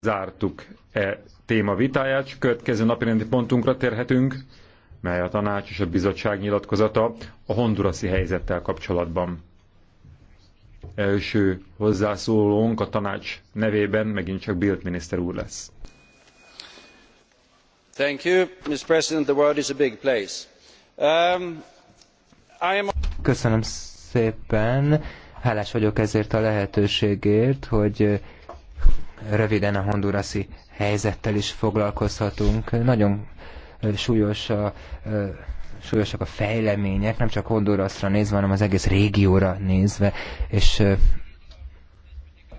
zártuk e téma vitáját, és következő napirendi pontunkra térhetünk, mely a tanács és a bizottság nyilatkozata a hondurasi helyzettel kapcsolatban. Első hozzászólónk a tanács nevében megint csak Bilt miniszter úr lesz. Thank you, Mr. President. The world is a big place. Um, I am... Köszönöm szépen. Hálás vagyok ezért a lehetőségért, hogy Röviden a hondurasi helyzettel is foglalkozhatunk. Nagyon súlyos a súlyosak a fejlemények, nem csak Hondurasra nézve, hanem az egész régióra nézve, és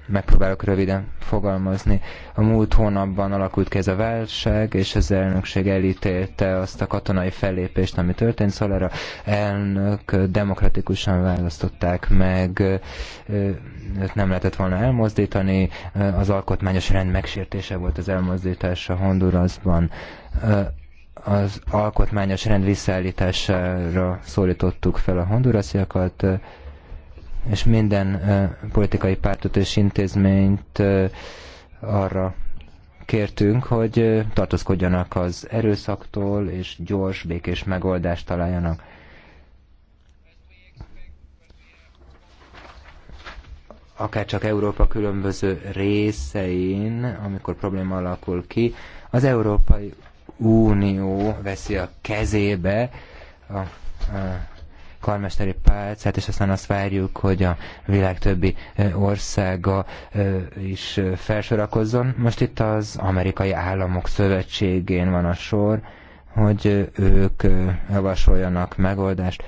megpróbálok röviden fogalmazni. A múlt hónapban alakult ki ez a válság, és az elnökség elítélte azt a katonai fellépést, ami történt. Szóval elnök demokratikusan választották meg, őt nem lehetett volna elmozdítani, az alkotmányos rend megsértése volt az elmozdítása Hondurasban az alkotmányos rend visszaállítására szólítottuk fel a hondurasziakat, és minden politikai pártot és intézményt arra kértünk, hogy tartózkodjanak az erőszaktól, és gyors, békés megoldást találjanak. akár csak Európa különböző részein, amikor probléma alakul ki, az Európai Unió veszi a kezébe a, a karmesteri pálcát, és aztán azt várjuk, hogy a világ többi országa is felsorakozzon. Most itt az Amerikai Államok Szövetségén van a sor, hogy ők javasoljanak megoldást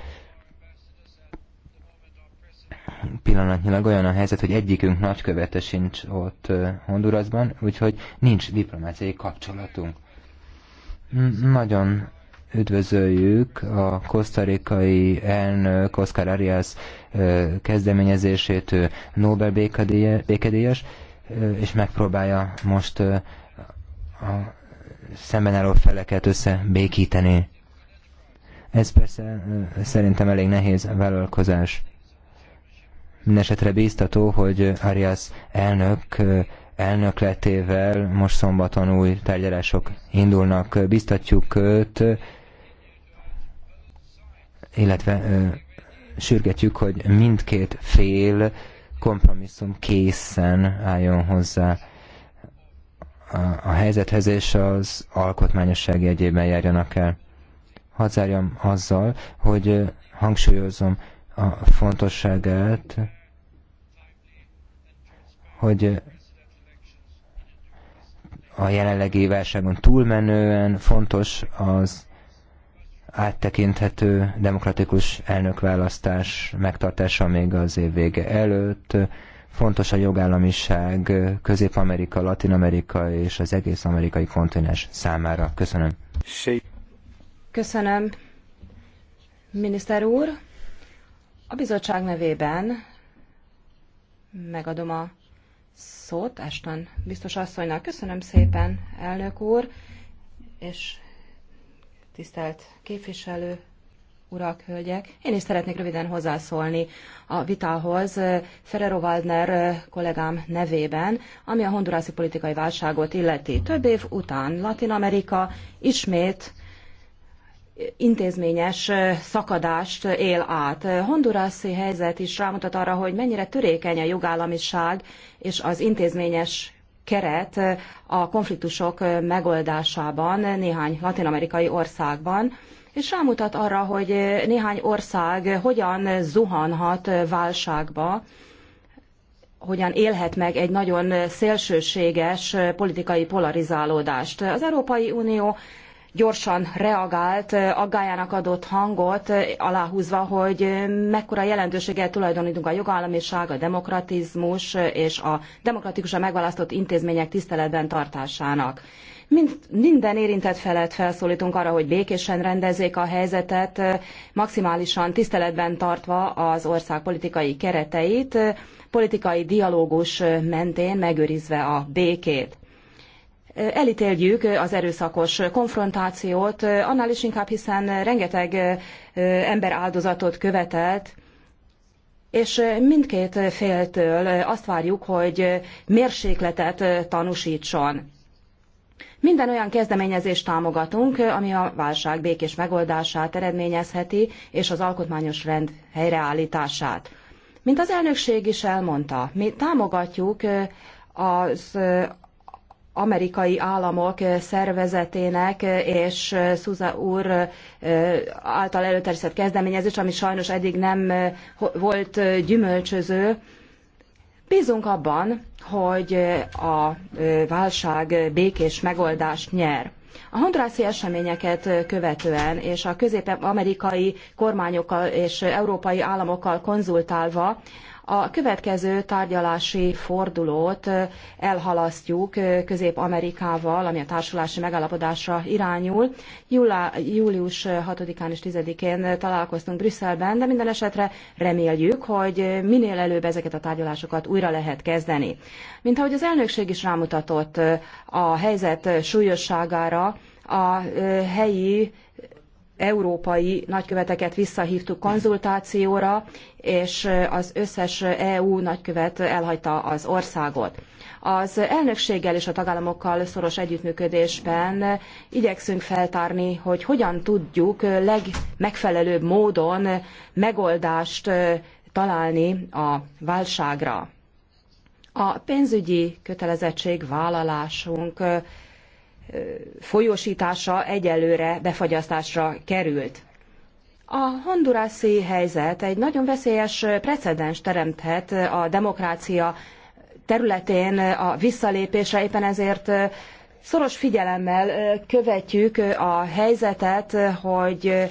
pillanatnyilag olyan a helyzet, hogy egyikünk nagykövete sincs ott Hondurasban, úgyhogy nincs diplomáciai kapcsolatunk. Nagyon üdvözöljük a kosztarikai elnök Oscar Arias kezdeményezését, ő Nobel békedélyes, és megpróbálja most a szemben álló feleket összebékíteni. Ez persze szerintem elég nehéz vállalkozás. Mindenesetre bíztató, hogy Arias elnök elnökletével most szombaton új tárgyalások indulnak. Biztatjuk őt, illetve sürgetjük, hogy mindkét fél kompromisszum készen álljon hozzá a helyzethez, és az alkotmányossági egyében járjanak el. Hadzárjam azzal, hogy hangsúlyozom a fontosságát, hogy a jelenlegi válságon túlmenően fontos az áttekinthető demokratikus elnökválasztás megtartása még az év vége előtt. Fontos a jogállamiság Közép-Amerika, Latin-Amerika és az egész amerikai kontinens számára. Köszönöm. Köszönöm. Miniszter úr, a bizottság nevében megadom a szót Eston biztos asszonynak. Köszönöm szépen, elnök úr, és tisztelt képviselő urak, hölgyek! Én is szeretnék röviden hozzászólni a vitához eh, Ferrero Waldner eh, kollégám nevében, ami a hondurászi politikai válságot illeti. Több év után Latin Amerika ismét intézményes eh, szakadást él át. Hondurászi helyzet is rámutat arra, hogy mennyire törékeny a jogállamiság és az intézményes keret a konfliktusok megoldásában néhány latinamerikai országban, és rámutat arra, hogy néhány ország hogyan zuhanhat válságba, hogyan élhet meg egy nagyon szélsőséges politikai polarizálódást. Az Európai Unió gyorsan reagált, aggájának adott hangot, aláhúzva, hogy mekkora jelentőséget tulajdonítunk a jogállamiság, a demokratizmus és a demokratikusan megválasztott intézmények tiszteletben tartásának. minden érintett felet felszólítunk arra, hogy békésen rendezzék a helyzetet, maximálisan tiszteletben tartva az ország politikai kereteit, politikai dialógus mentén megőrizve a békét elítéljük az erőszakos konfrontációt, annál is inkább, hiszen rengeteg ember áldozatot követelt, és mindkét féltől azt várjuk, hogy mérsékletet tanúsítson. Minden olyan kezdeményezést támogatunk, ami a válság békés megoldását eredményezheti, és az alkotmányos rend helyreállítását. Mint az elnökség is elmondta, mi támogatjuk az amerikai államok eh, szervezetének eh, és eh, Szuza úr által előterjesztett kezdeményezés, ami sajnos eddig nem volt gyümölcsöző. Bízunk abban, hogy a válság békés megoldást nyer. A hondrászi eseményeket követően és a közép-amerikai kormányokkal és európai államokkal konzultálva a következő tárgyalási fordulót elhalasztjuk Közép-Amerikával, ami a társulási megállapodásra irányul. július 6-án és 10-én találkoztunk Brüsszelben, de minden esetre reméljük, hogy minél előbb ezeket a tárgyalásokat újra lehet kezdeni. Mint ahogy az elnökség is rámutatott a helyzet súlyosságára, a helyi európai nagyköveteket visszahívtuk konzultációra, és az összes EU nagykövet elhagyta az országot. Az elnökséggel és a tagállamokkal szoros együttműködésben igyekszünk feltárni, hogy hogyan tudjuk legmegfelelőbb módon megoldást találni a válságra. A pénzügyi kötelezettség vállalásunk folyósítása egyelőre befagyasztásra került. A hondurászi helyzet egy nagyon veszélyes precedens teremthet a demokrácia területén a visszalépésre, éppen ezért szoros figyelemmel követjük a helyzetet, hogy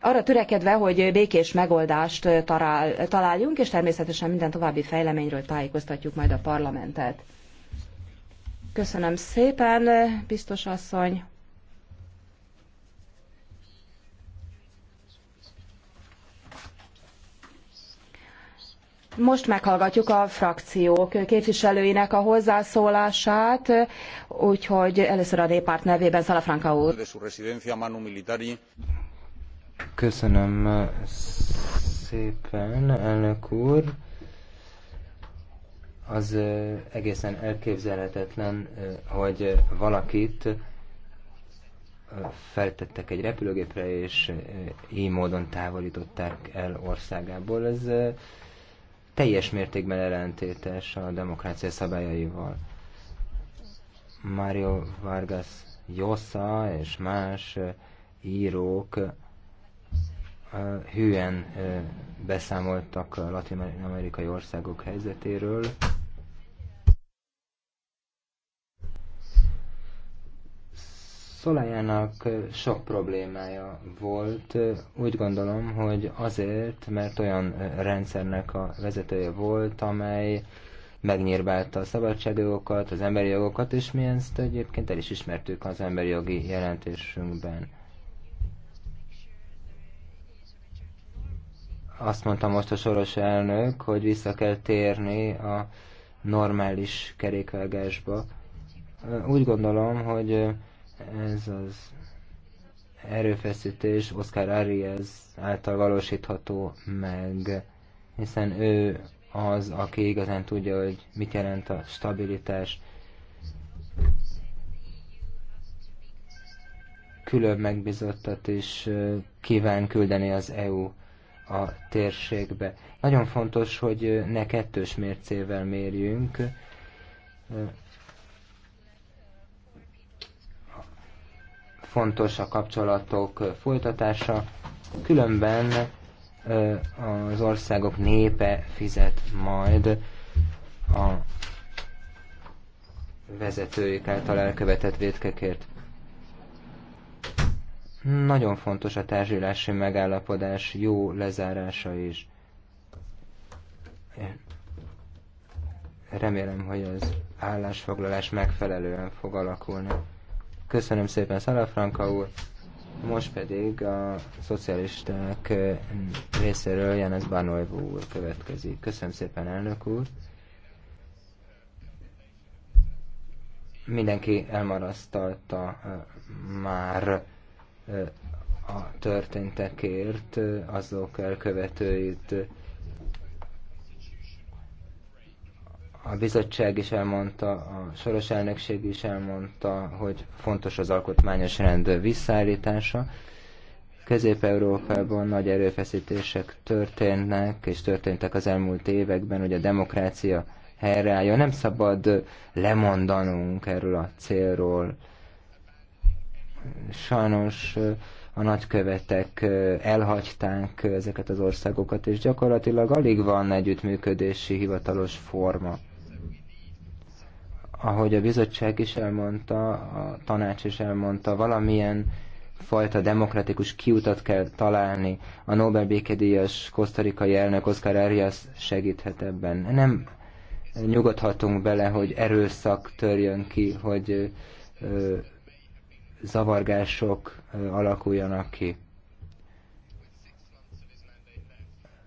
arra törekedve, hogy békés megoldást találjunk, és természetesen minden további fejleményről tájékoztatjuk majd a parlamentet. Köszönöm szépen, biztos asszony. Most meghallgatjuk a frakciók képviselőinek a hozzászólását, úgyhogy először a néppárt nevében Szalafranka úr. Köszönöm szépen, elnök úr az egészen elképzelhetetlen, hogy valakit feltettek egy repülőgépre, és így módon távolították el országából. Ez teljes mértékben ellentétes a demokrácia szabályaival. Mario Vargas Llosa és más írók hűen beszámoltak a latin-amerikai országok helyzetéről, Szolajának sok problémája volt. Úgy gondolom, hogy azért, mert olyan rendszernek a vezetője volt, amely megnyírbálta a szabadságjogokat, az emberi jogokat, és mi ezt egyébként el is ismertük az emberi jogi jelentésünkben. Azt mondta most a soros elnök, hogy vissza kell térni a normális kerékvágásba. Úgy gondolom, hogy ez az erőfeszítés Oscar Arias által valósítható meg, hiszen ő az, aki igazán tudja, hogy mit jelent a stabilitás. Külön megbizottat is kíván küldeni az EU a térségbe. Nagyon fontos, hogy ne kettős mércével mérjünk, fontos a kapcsolatok folytatása, különben az országok népe fizet majd a vezetőik által elkövetett védkekért. Nagyon fontos a társulási megállapodás jó lezárása is. Remélem, hogy az állásfoglalás megfelelően fog alakulni. Köszönöm szépen, Franka úr. Most pedig a szocialisták eh, részéről János Barnoivo úr következik. Köszönöm szépen, elnök úr. Mindenki elmarasztalta eh, már eh, a történtekért azok elkövetőit, a bizottság is elmondta, a soros elnökség is elmondta, hogy fontos az alkotmányos rend visszaállítása. Közép-Európában nagy erőfeszítések történnek, és történtek az elmúlt években, hogy a demokrácia helyreállja. Nem szabad lemondanunk erről a célról. Sajnos a nagykövetek elhagyták ezeket az országokat, és gyakorlatilag alig van együttműködési hivatalos forma ahogy a bizottság is elmondta, a tanács is elmondta, valamilyen fajta demokratikus kiutat kell találni. A Nobel békedíjas kosztarikai elnök Oscar Arias segíthet ebben. Nem nyugodhatunk bele, hogy erőszak törjön ki, hogy ö, zavargások ö, alakuljanak ki.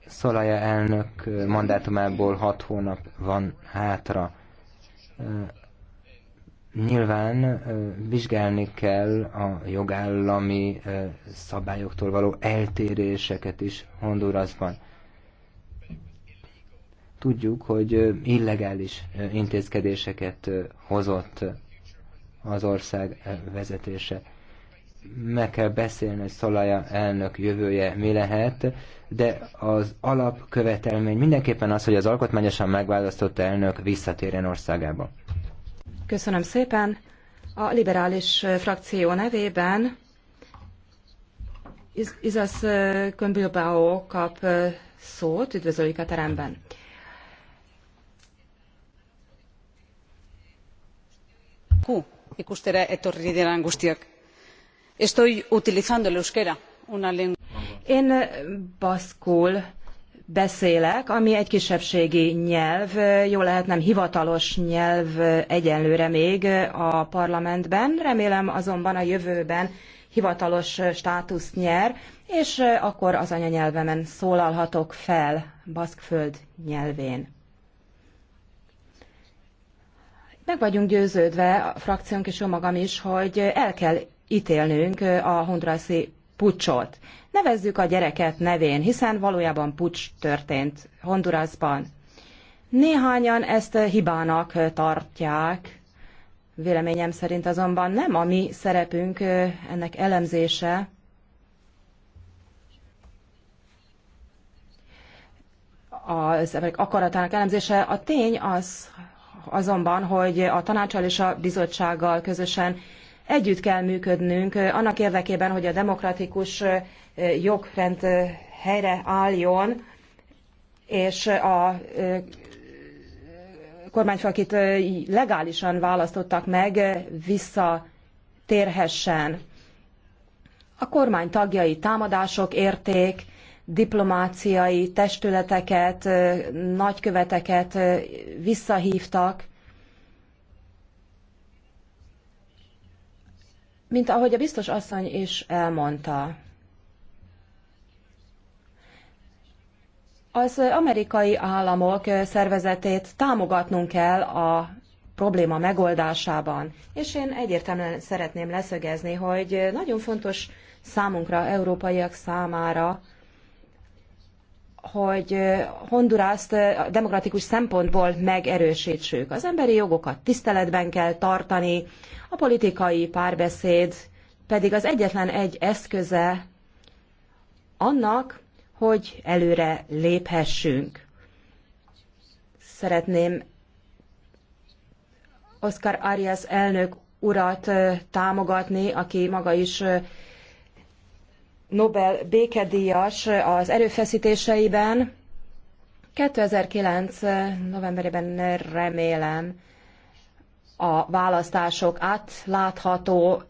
Szolaja elnök mandátumából hat hónap van hátra Nyilván vizsgálni kell a jogállami szabályoktól való eltéréseket is Hondurasban. Tudjuk, hogy illegális intézkedéseket hozott az ország vezetése. Meg kell beszélni, hogy Szalaja elnök jövője mi lehet, de az alapkövetelmény mindenképpen az, hogy az alkotmányosan megválasztott elnök visszatérjen országába. Köszönöm szépen. A liberális frakció nevében Izas Kömbilbao kap szót. Üdvözöljük a teremben. Q, ikustera etorri diren Angustiak. Estoy utilizando el euskera, una lengua. Én baszkul beszélek, ami egy kisebbségi nyelv, jó lehet nem hivatalos nyelv egyenlőre még a parlamentben, remélem azonban a jövőben hivatalos státuszt nyer, és akkor az anyanyelvemen szólalhatok fel baszkföld nyelvén. Meg vagyunk győződve, a frakciónk és jó magam is, hogy el kell ítélnünk a hondraszi pucsot nevezzük a gyereket nevén, hiszen valójában pucs történt Hondurasban. Néhányan ezt hibának tartják, véleményem szerint azonban nem a mi szerepünk ennek elemzése. Az akaratának elemzése. A tény az azonban, hogy a tanácsal és a bizottsággal közösen Együtt kell működnünk annak érdekében, hogy a demokratikus jogrend helyre álljon, és a kormányfő, akit legálisan választottak meg, visszatérhessen. A kormány tagjai támadások érték, diplomáciai testületeket, nagyköveteket visszahívtak, Mint ahogy a biztos asszony is elmondta, az amerikai államok szervezetét támogatnunk kell a probléma megoldásában. És én egyértelműen szeretném leszögezni, hogy nagyon fontos számunkra, európaiak számára, hogy Hondurászt demokratikus szempontból megerősítsük. Az emberi jogokat tiszteletben kell tartani, a politikai párbeszéd pedig az egyetlen egy eszköze annak, hogy előre léphessünk. Szeretném Oscar Arias elnök urat támogatni, aki maga is Nobel békedíjas az erőfeszítéseiben. 2009. novemberében remélem a választások átlátható,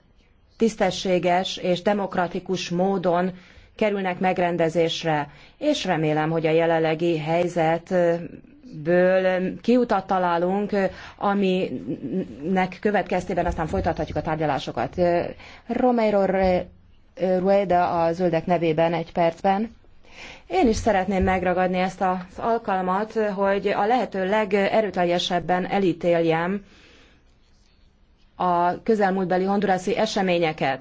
tisztességes és demokratikus módon kerülnek megrendezésre, és remélem, hogy a jelenlegi helyzetből kiutat találunk, aminek következtében aztán folytathatjuk a tárgyalásokat. Romero Rueda a zöldek nevében egy percben. Én is szeretném megragadni ezt az alkalmat, hogy a lehető legerőteljesebben elítéljem a közelmúltbeli hondurászi eseményeket.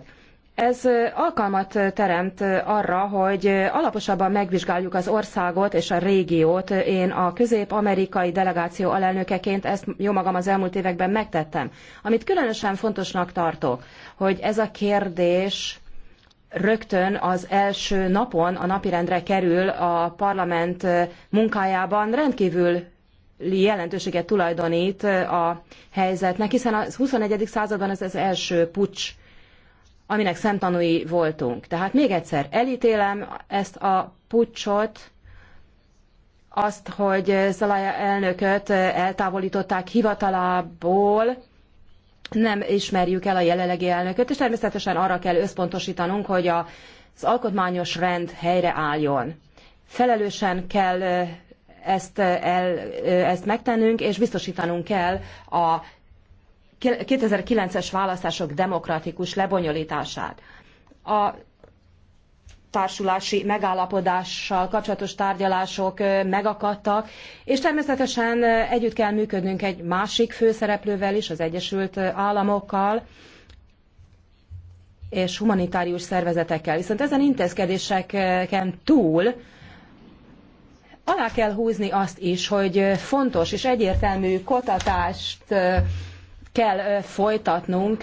Ez alkalmat teremt arra, hogy alaposabban megvizsgáljuk az országot és a régiót. Én a közép-amerikai delegáció alelnökeként ezt jó magam az elmúlt években megtettem. Amit különösen fontosnak tartok, hogy ez a kérdés rögtön az első napon a napirendre kerül a parlament munkájában, rendkívül jelentőséget tulajdonít a helyzetnek, hiszen a 21. században ez az első pucs, aminek szemtanúi voltunk. Tehát még egyszer elítélem ezt a pucsot, azt, hogy Szalaja elnököt eltávolították hivatalából, nem ismerjük el a jelenlegi elnököt, és természetesen arra kell összpontosítanunk, hogy az alkotmányos rend helyreálljon. Felelősen kell ezt, el, ezt megtennünk, és biztosítanunk kell a 2009-es választások demokratikus lebonyolítását. A társulási megállapodással kapcsolatos tárgyalások megakadtak, és természetesen együtt kell működnünk egy másik főszereplővel is, az Egyesült Államokkal, és humanitárius szervezetekkel. Viszont ezen intézkedéseken túl alá kell húzni azt is, hogy fontos és egyértelmű kotatást kell folytatnunk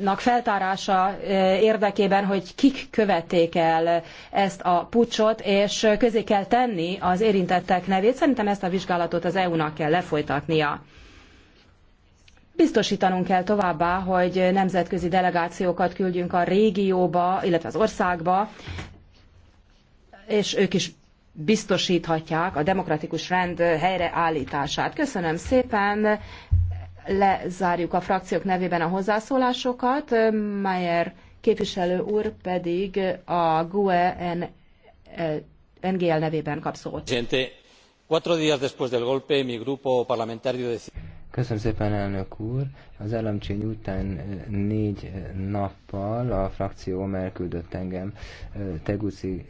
nak feltárása érdekében, hogy kik követték el ezt a pucsot, és közé kell tenni az érintettek nevét. Szerintem ezt a vizsgálatot az EU-nak kell lefolytatnia. Biztosítanunk kell továbbá, hogy nemzetközi delegációkat küldjünk a régióba, illetve az országba, és ők is biztosíthatják a demokratikus rend helyreállítását. Köszönöm szépen! lezárjuk a frakciók nevében a hozzászólásokat, Mayer képviselő úr pedig a GUE NGL nevében kap szót. Köszönöm szépen, elnök úr! Az államcsény után eh, négy eh, nappal a frakció elküldött engem eh,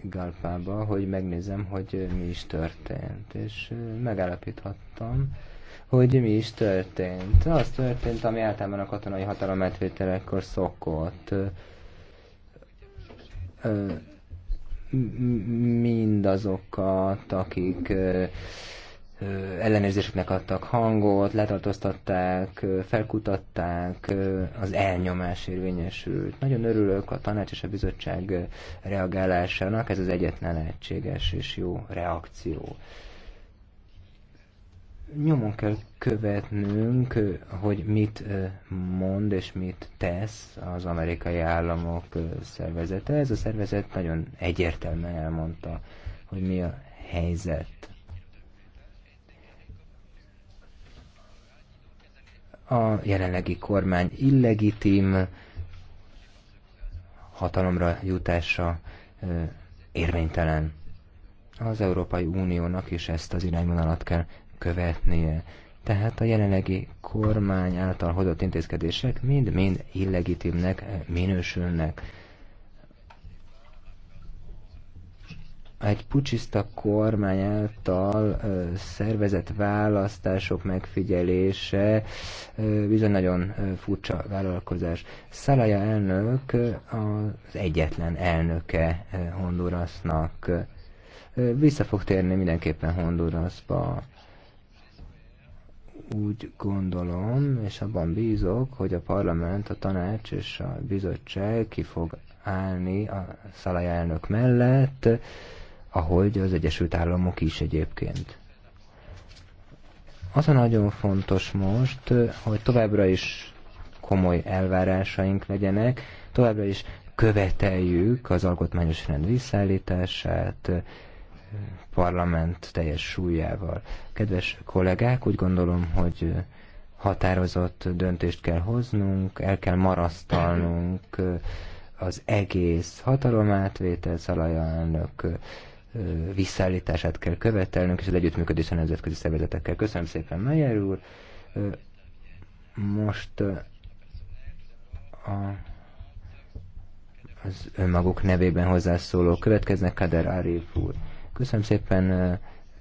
galpába, hogy megnézem, hogy mi is történt. És megállapíthattam, hogy mi is történt. Az történt, ami általában a katonai hatalom átvételekor szokott. Mindazokat, akik ellenőrzéseknek adtak hangot, letartóztatták, felkutatták, az elnyomás érvényesült. Nagyon örülök a tanács és a bizottság reagálásának, ez az egyetlen lehetséges és jó reakció nyomon kell követnünk, hogy mit mond és mit tesz az amerikai államok szervezete. Ez a szervezet nagyon egyértelműen elmondta, hogy mi a helyzet. A jelenlegi kormány illegitim hatalomra jutása érvénytelen. Az Európai Uniónak is ezt az irányvonalat kell követnie. Tehát a jelenlegi kormány által hozott intézkedések mind-mind illegitimnek minősülnek. Egy pucsiszta kormány által ö, szervezett választások megfigyelése ö, bizony nagyon ö, furcsa vállalkozás. Szalaja elnök ö, az egyetlen elnöke ö, Hondurasnak. Ö, vissza fog térni mindenképpen Hondurasba úgy gondolom, és abban bízok, hogy a parlament, a tanács és a bizottság ki fog állni a szalai elnök mellett, ahogy az Egyesült Államok is egyébként. Az a nagyon fontos most, hogy továbbra is komoly elvárásaink legyenek, továbbra is követeljük az alkotmányos rend visszaállítását, parlament teljes súlyával. Kedves kollégák, úgy gondolom, hogy határozott döntést kell hoznunk, el kell marasztalnunk az egész hatalomátvétel szalajának visszaállítását kell követelnünk, és az együttműködés a nemzetközi szervezetekkel. Köszönöm szépen, Meyer úr. Most a, az önmaguk nevében hozzászóló következnek, Kader Arif úr. Köszönöm szépen,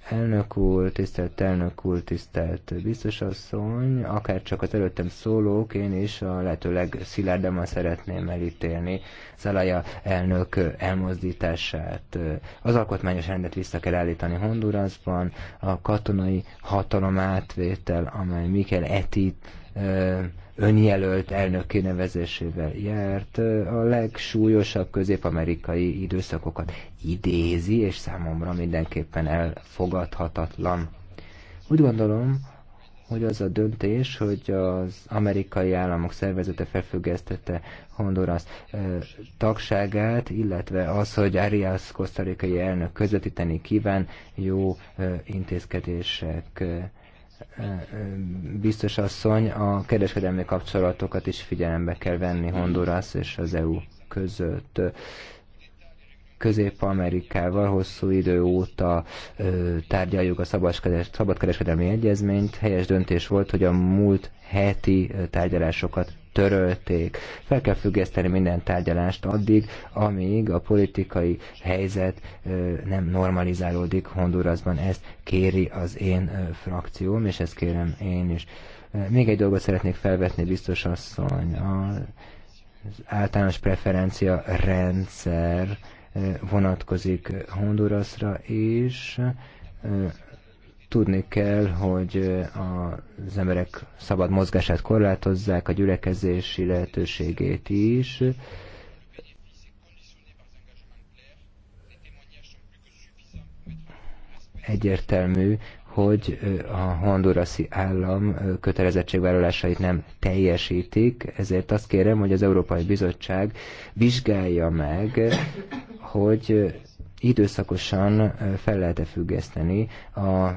elnök úr, tisztelt elnök úr, tisztelt biztosasszony, akár csak az előttem szólók, én is a lehető legszilárdabban szeretném elítélni Zalaja elnök elmozdítását. Az alkotmányos rendet vissza kell állítani Hondurasban, a katonai hatalom átvétel, amely Mikel Etit önjelölt elnök kinevezésével járt, a legsúlyosabb közép-amerikai időszakokat idézi, és számomra mindenképpen elfogadhatatlan. Úgy gondolom, hogy az a döntés, hogy az amerikai államok szervezete felfüggesztette Honduras tagságát, illetve az, hogy Arias kosztarikai elnök közvetíteni kíván jó intézkedések biztos asszony, a kereskedelmi kapcsolatokat is figyelembe kell venni Honduras és az EU között. Közép-Amerikával hosszú idő óta ö, tárgyaljuk a szabadkereskedelmi egyezményt. Helyes döntés volt, hogy a múlt heti tárgyalásokat törölték. Fel kell függeszteni minden tárgyalást addig, amíg a politikai helyzet nem normalizálódik Hondurasban. Ezt kéri az én frakcióm, és ezt kérem én is. Még egy dolgot szeretnék felvetni, biztos asszony. Az általános preferencia rendszer Eh, vonatkozik Hondurasra és eh, Tudni kell, hogy eh, az emberek szabad mozgását korlátozzák, a gyülekezési lehetőségét is. egyértelmű, hogy a hondurasi állam kötelezettségvállalásait nem teljesítik, ezért azt kérem, hogy az Európai Bizottság vizsgálja meg, hogy időszakosan fel lehet-e függeszteni az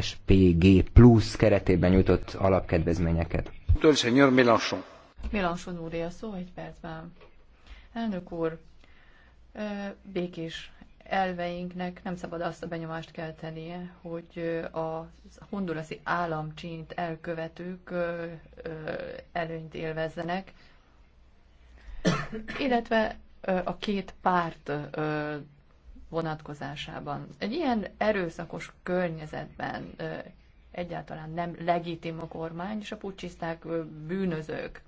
SPG plusz keretében nyújtott alapkedvezményeket. Señor Mélenchon. Mélenchon úr, a szó egy percben. Elnök úr, békés elveinknek nem szabad azt a benyomást tennie, hogy a hondurasi államcsint elkövetők előnyt élvezzenek, illetve a két párt vonatkozásában. Egy ilyen erőszakos környezetben egyáltalán nem legitim a kormány, és a pucsiszták bűnözők.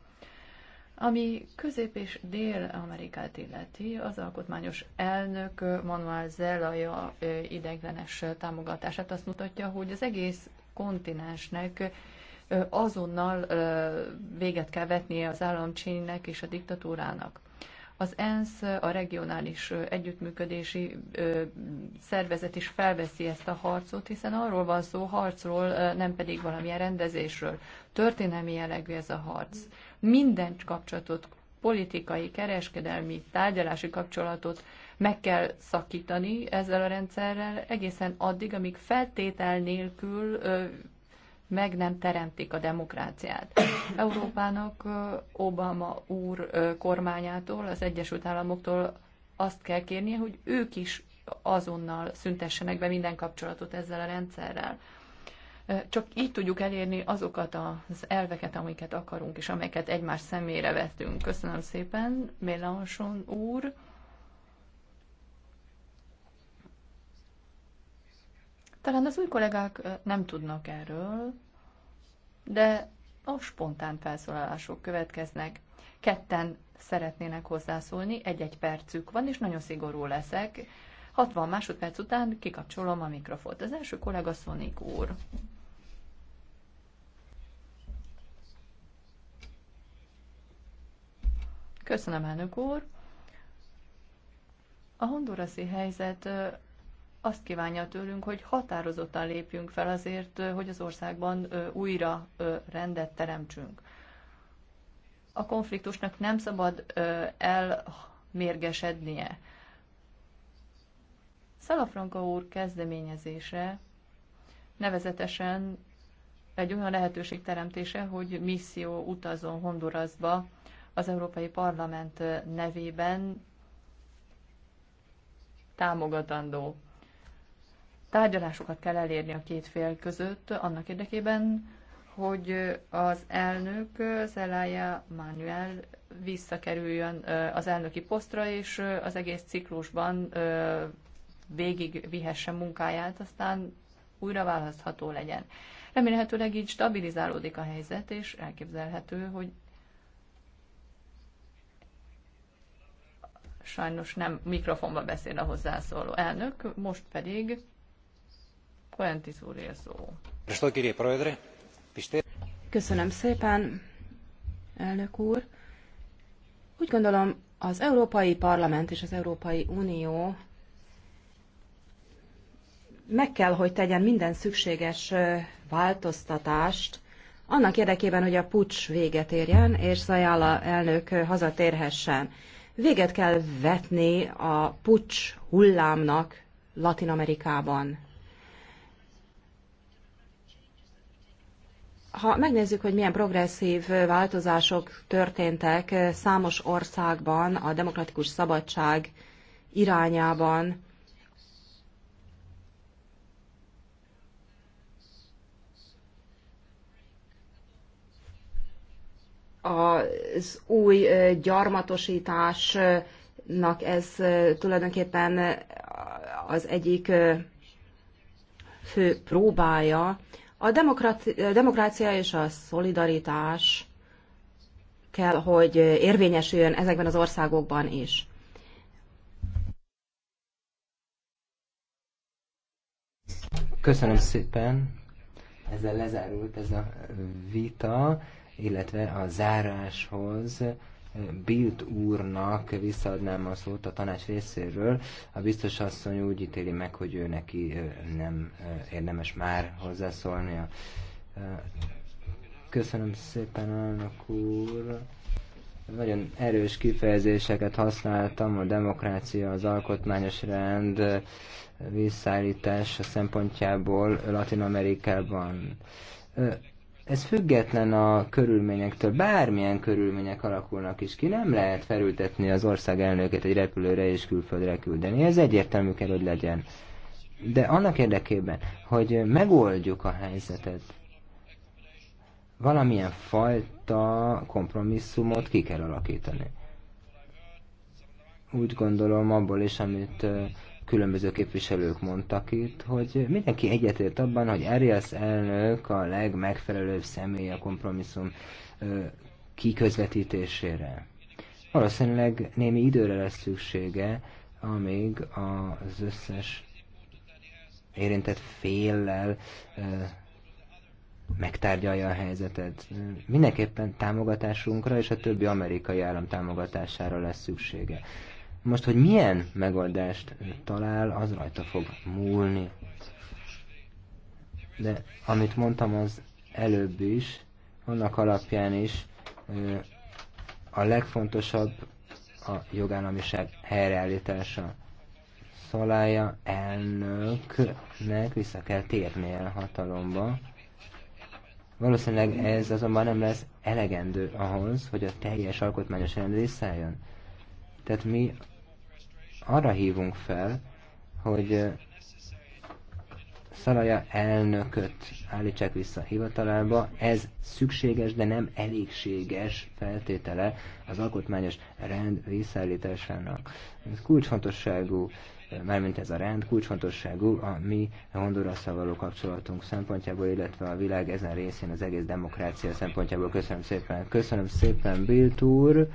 Ami Közép- és Dél-Amerikát illeti, az alkotmányos elnök Manuel Zelaja ideiglenes támogatását azt mutatja, hogy az egész kontinensnek azonnal véget kell vetnie az államcsénynek és a diktatúrának. Az ENSZ, a regionális együttműködési szervezet is felveszi ezt a harcot, hiszen arról van szó harcról, nem pedig valamilyen rendezésről. Történelmi jellegű ez a harc. Minden kapcsolatot, politikai, kereskedelmi, tárgyalási kapcsolatot meg kell szakítani ezzel a rendszerrel egészen addig, amíg feltétel nélkül meg nem teremtik a demokráciát. Európának Obama úr kormányától, az Egyesült Államoktól azt kell kérnie, hogy ők is azonnal szüntessenek be minden kapcsolatot ezzel a rendszerrel. Csak így tudjuk elérni azokat az elveket, amiket akarunk, és amelyeket egymás személyre vetünk. Köszönöm szépen, Mélanson úr. Talán az új kollégák nem tudnak erről, de a spontán felszólalások következnek. Ketten szeretnének hozzászólni, egy-egy percük van, és nagyon szigorú leszek. 60 másodperc után kikapcsolom a mikrofont. Az első kollega Szonik úr. Köszönöm, elnök úr. A hondurasi helyzet azt kívánja tőlünk, hogy határozottan lépjünk fel azért, hogy az országban újra rendet teremtsünk. A konfliktusnak nem szabad elmérgesednie. Szalafranka úr kezdeményezése nevezetesen egy olyan lehetőség teremtése, hogy misszió utazon Hondurasba az Európai Parlament nevében támogatandó tárgyalásokat kell elérni a két fél között annak érdekében, hogy az elnök Zelaya Manuel visszakerüljön az elnöki posztra, és az egész ciklusban végig vihesse munkáját, aztán újra választható legyen. Remélhetőleg így stabilizálódik a helyzet, és elképzelhető, hogy sajnos nem mikrofonba beszél a hozzászóló elnök, most pedig Köszönöm szépen, elnök úr. Úgy gondolom, az Európai Parlament és az Európai Unió meg kell, hogy tegyen minden szükséges változtatást annak érdekében, hogy a pucs véget érjen, és Zajala elnök hazatérhessen. Véget kell vetni a pucs hullámnak Latin Amerikában. Ha megnézzük, hogy milyen progresszív változások történtek számos országban a demokratikus szabadság irányában, az új gyarmatosításnak ez tulajdonképpen az egyik fő próbája, a demokrácia és a szolidaritás kell, hogy érvényesüljön ezekben az országokban is. Köszönöm szépen. Ezzel lezárult ez a vita, illetve a záráshoz Bild úrnak visszaadnám a szót a tanács részéről. A biztos asszony úgy ítéli meg, hogy ő neki nem érdemes már hozzászólnia. Köszönöm szépen, elnök úr. Nagyon erős kifejezéseket használtam, a demokrácia, az alkotmányos rend visszaállítása szempontjából Latin Amerikában ez független a körülményektől, bármilyen körülmények alakulnak is ki, nem lehet felültetni az ország elnöket egy repülőre és külföldre küldeni. Ez egyértelmű kell, hogy legyen. De annak érdekében, hogy megoldjuk a helyzetet, valamilyen fajta kompromisszumot ki kell alakítani. Úgy gondolom abból is, amit különböző képviselők mondtak itt, hogy mindenki egyetért abban, hogy Arias elnök a legmegfelelőbb személy a kompromisszum kiközvetítésére. Valószínűleg némi időre lesz szüksége, amíg az összes érintett féllel megtárgyalja a helyzetet. Mindenképpen támogatásunkra és a többi amerikai állam támogatására lesz szüksége. Most, hogy milyen megoldást talál, az rajta fog múlni. De amit mondtam az előbb is, annak alapján is a legfontosabb a jogállamiság helyreállítása. Szolája elnöknek vissza kell térnie a hatalomba. Valószínűleg ez azonban nem lesz elegendő ahhoz, hogy a teljes alkotmányos rend visszajön. Tehát mi arra hívunk fel, hogy eh, Szaraja elnököt állítsák vissza a hivatalába. Ez szükséges, de nem elégséges feltétele az alkotmányos rend visszaállításának. Ez kulcsfontosságú, eh, mármint ez a rend kulcsfontosságú a mi Hondurasszal való kapcsolatunk szempontjából, illetve a világ ezen részén az egész demokrácia szempontjából. Köszönöm szépen. Köszönöm szépen, Bill úr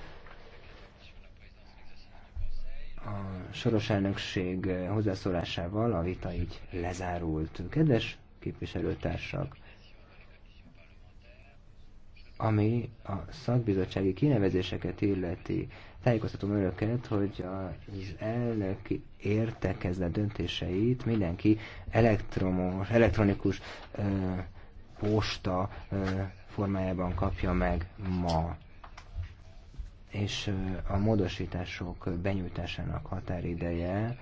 a soros elnökség hozzászólásával a vita így lezárult. Kedves képviselőtársak, ami a szakbizottsági kinevezéseket illeti, tájékoztatom önöket, hogy az elnök értekezne döntéseit mindenki elektromos, elektronikus ö, posta ö, formájában kapja meg ma és a módosítások benyújtásának határideje